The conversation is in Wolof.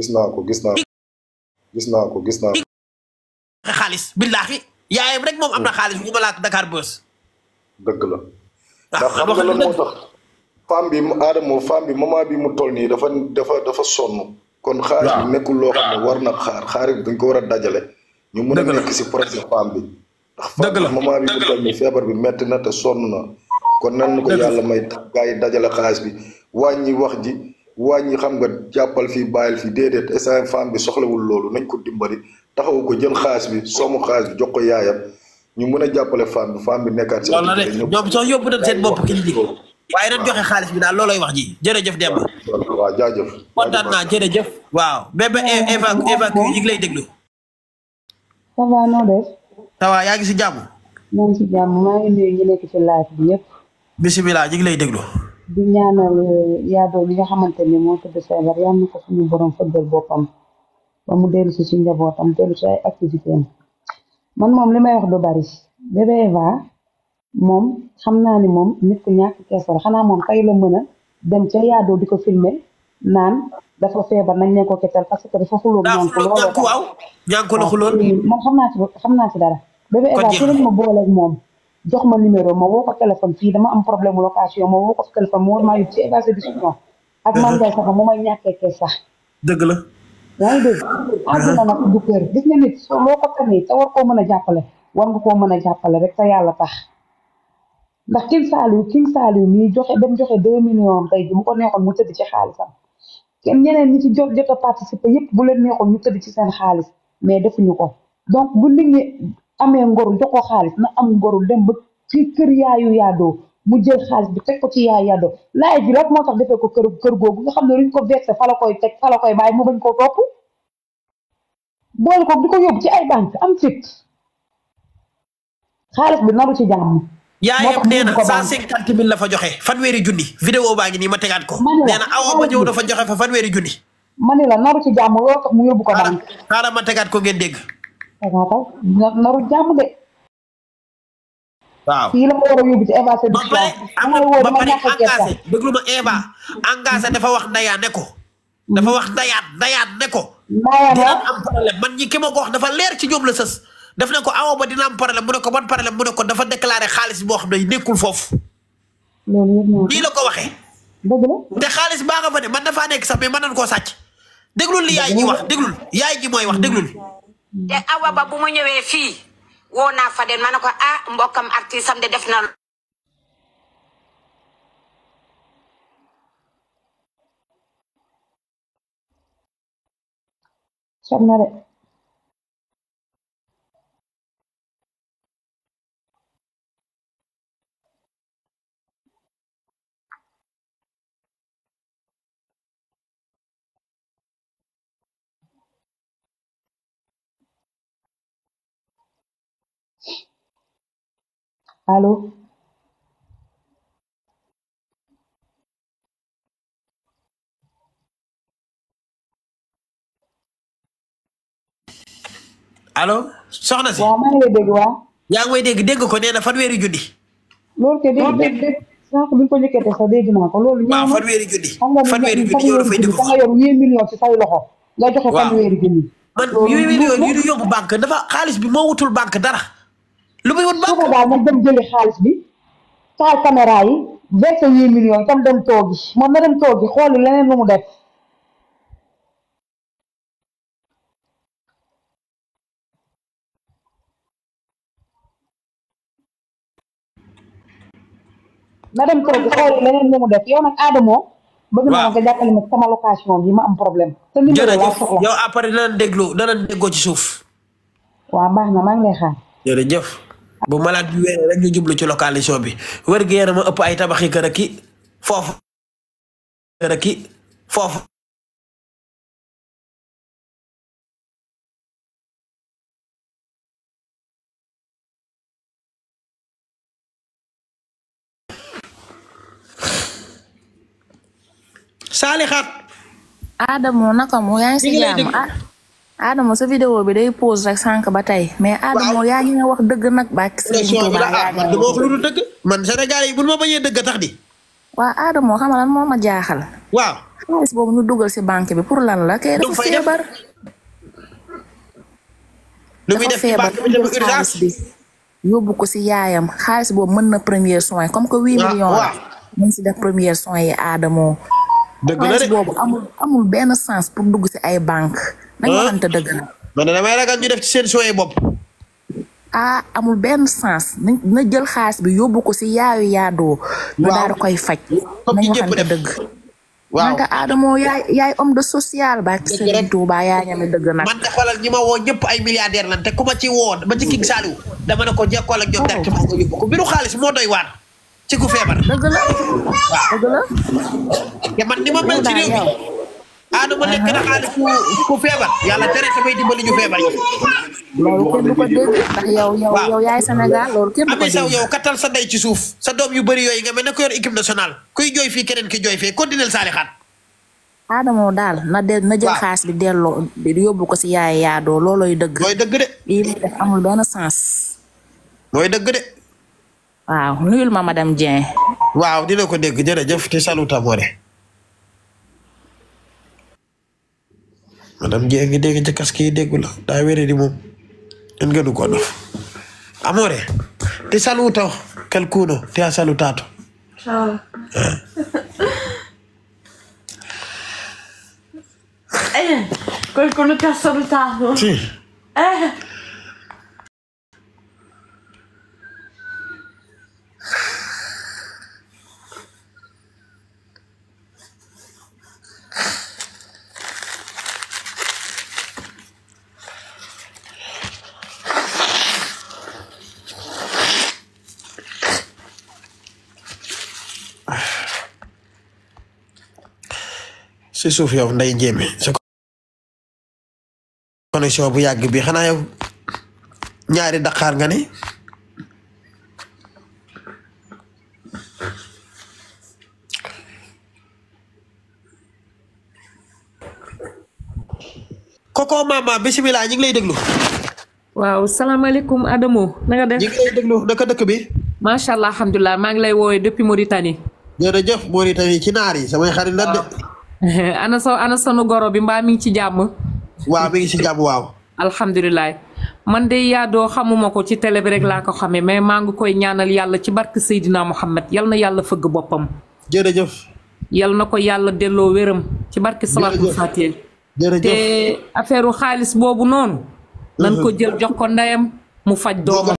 gis ko gis naa naa ko gis naa ko. xaalis billaahi yaayam rek moom am na hmm. xaalis bu ma laata Dakar dëgg la. Ah, ndax xam nga lan moo tax bi mu Adamo bi moment bi mu toll nii dafa dafa sonn. kon xaalis bi nekkul loo war na xaar xaalis bi dañ ko war a dajale. ñu mën a nekk si projet femme bi. ndax femme bi bi mu toll nii feebar bi metti na te sonn na. kon nan ko yàlla may gaa yi dajale xaalis bi wàññi wax ji. wàññi xam nga jàppal fii bàyyil fii déedéet instant femme bi soxlawul loolu nañ ko dimbali taxawu ko jël xaalis bi somu xaalis bi jox ko yaayam ñu mën a jàppale femme bi femme bi nekkaat. seen bopp ñoom soo yóbbu doon seen bopp kii waaye dañ joxe xaalis bi daal loolay wax ji jërëjëf Demba. waaw jaajëf. kontaan naa jërëjëf. waaw bébé Eva Eva ñu ngi lay déglu. ça yaa ngi si jàmm. maa ñu ngi lay déglu. di ñaanal euh, yaadoo bi nga xamante ni moo tëdd feebar yal na ko suñu borom fëggal boppam ba mu dellu si si njabootam dellu si ay activité man moom li may wax du bari bébé Eva moom xam naa ni moom nit ku ñàkk keesal xanaa moom tey la mën a dem ca yaadoo di ko filmer naan dafa feebar nañ ne ko parce que dafa xuloon ñànk looloo tax xam naa ci dara bébé Eva ci lañ ma booleeg moom jox ma numéro ma woo ko téléphone fii dama am problème location ma woo ko téléphone ma war maa yóbbu ci évasion discussion ak man ngay sax mu may ñàkkee kees sax. dëgg la. yaa ngi dégg. àdduna nag du kër gis nga nit koo mën a jàppale war koo mën a jàppale rek te yàlla tax ndax King Saliou King Saliou mii joxe dem joxe deux millions tey ji mu ko neexoon mu tëdd ci xaalisam kenn ñeneen ñi ci jot jot a participer yëpp bu leen neexoon ñu tëdd ci seen xaalis mais defuñu ko donc bu nit ñi amee ngoru jox ko xaalis na am ngoru dem ba ci kër yaayu yaadoo mu jël xaalis bi teg ko ci yaayu yaadoo laay ji moo tax defee ko kër kër googu nga xam ne luñ ko versé fa koy teg fa la koy bàyyi mu bañ koo topp boole ko di ko yóbbu ci ay banque am fit xaalis bi naru ci jàmm. yaayam nee na 150 000 la fa joxe fanweeri junni. vidéo baa ngi nii ma ko. nee ñëw dafa joxe fa fanweeri junni. ma ne la naru ci jàmm loolu tax mu yóbbu ko banque. xaaral ma tegaat ko ngeen dégg. dangaa taw naru waaw ma war a yóbbu ci Eva Sédhiou. ba pare engagé déglu ma Eva engagé dafa wax Ndaya ne ko. Hmm. dafa wax Ndayaat Ndayaat ne ko. man ñi ki ma ko wax dafa leer ci ñoom la sës. daf ne ko awo ba dina am problème mu ne ko ban problème mu ne ko dafa déclaré xaalis boo xam ne nekkul foofu. nii la ko waxee. te xaalis baa nga fa ne man dafaa nekk sax mais mën koo sàcc. déglul li yaay ji wax déglul yaay ji mooy wax déglul. te awa ba bu ma ñëwee fii woo naa fa den ma ne ko ah mbokkam artiste am de def na soxna allo soxna si waaw maa ngi lay dégg waaw. yaa ngi may dégg dégg ko nee na weeri junni. loolu te dégg dégg dégg sànq bi ñu ko njëkkee sax dégg naa ko loolu. waaw fanweeri junni fanweeri junni yow dafay dégg ko nga yor huit millions ci say loxo. nga banque dafa xaalis bi moo wutul banque dara. lu muy wut banque su boobaa moom dem jëli xaalis bi taal caméra yi versé yi millions tam dem toogi moom na dem toogi xooli leneen lu def na dem toogi xooli yow nag Adamo bëgg naa nga jàppale ma sama location bi ma am problème. te li mu la soxla yow après dana déglu dana déggoo ci suuf. waaw baax na maa ngi lay xaar. jërëjëf. bu malaat bi wéree rek ñu jublu ci localisation bi wér gu yaram a ëpp ay tabaxi kër foofu kër ki foofu saalixaat aadamoo naka mu yaa ngi si jàmm Adamo sa video bi day pose rek sànq ba tey mais Adamo yaa ngi nga wax dëgg nag ba sëriñ Tuubaa yaa ngi wax lu dul dëgg man Sénégal waaw Adamo xam lan moo ma jaaxal waaw xaalis boobu ñu dugal si banque bi pour lan la kay dafa feebar yóbbu ko si yaayam xaalis boobu mën na premier soin comme que huit millions la mën si def premier soin yi Adamo dëgg la de boobu amul amul benn sens pour dugg si ay banque nañu waxante dëgg na. man damay ragal ñu def ci seen sooyee bopp. ah amul benn sens na jël xaalis bi yóbbu ko si yaayu yaadoo. waaw nga daal koy faj. nañu waxante dëgg. waaw man de Adamo yaay yaay de social ba ci Serigne Touba yaa ñame dëgg nag. man de xoolal ñi ma woo ñëpp ay milliardaire lan te ku ma ci woo ba ci King Saliou dama ne ko jekkool ak ñoom oh. directement ko yóbbu ko mbiru xaalis moo doy waar ci ku feebar. dëgg la dëgg la. waaw ni ma mel ci réew Adama nekk na xaali ku ku feebar yàlla tere dafay dimbali feebar loolu kenn du ko yaay Sénégal loolu kenn sa day ci suuf sa doom yu bëri yooyu nga mel ne ko yor équipe nationale fii keneen ki jooy fee continuel saali daal na de na jël xaalis bi delloo ko si yaay yaadoo loolooy dëgg. looy dëgg de. lii amul benn sens. looy dëgg de. waaw nuyul ma madame Dieng. waaw dina ko dégg jërëjëf ci salu Tamboré. madame Dieng ngi dégg ca casque yi la daa di moom en gënu ko dof amore ti saluto qualcuno ti ha salutato ciao eh. eh qualcuno ti ha salutato sì eh. ci suuf yow nday jéeme sa connexion bu yàgg bi xanaa yow ñaari daqaar nga ne koko mama bisimilah ñu ngi lay déglu waaw salaamaaleykum Adamo na ngi lay déglu naka dëkk bi macha allah alhamdulilah maa ngi lay woowee depuis Mauritanie jërëjëf Mauritanie ci naar yi samay xarit la de ana sa ana sanu goro bi mbaa mi ngi ci jàmm. waaw mi ci jàmm waaw. alhamdulilah man de yaadoo xamuma ko ci télé rek laa ko xamee mais maa ngi koy ñaanal yàlla ci barke Seydina Mohamed yal na yàlla fëgg boppam. jërëjëf. yal na ko yàlla delloo wéram. ci barke Salaatul Faatiha. xaalis boobu noonu. ko jël jox ko ndeyam mu faj doomam.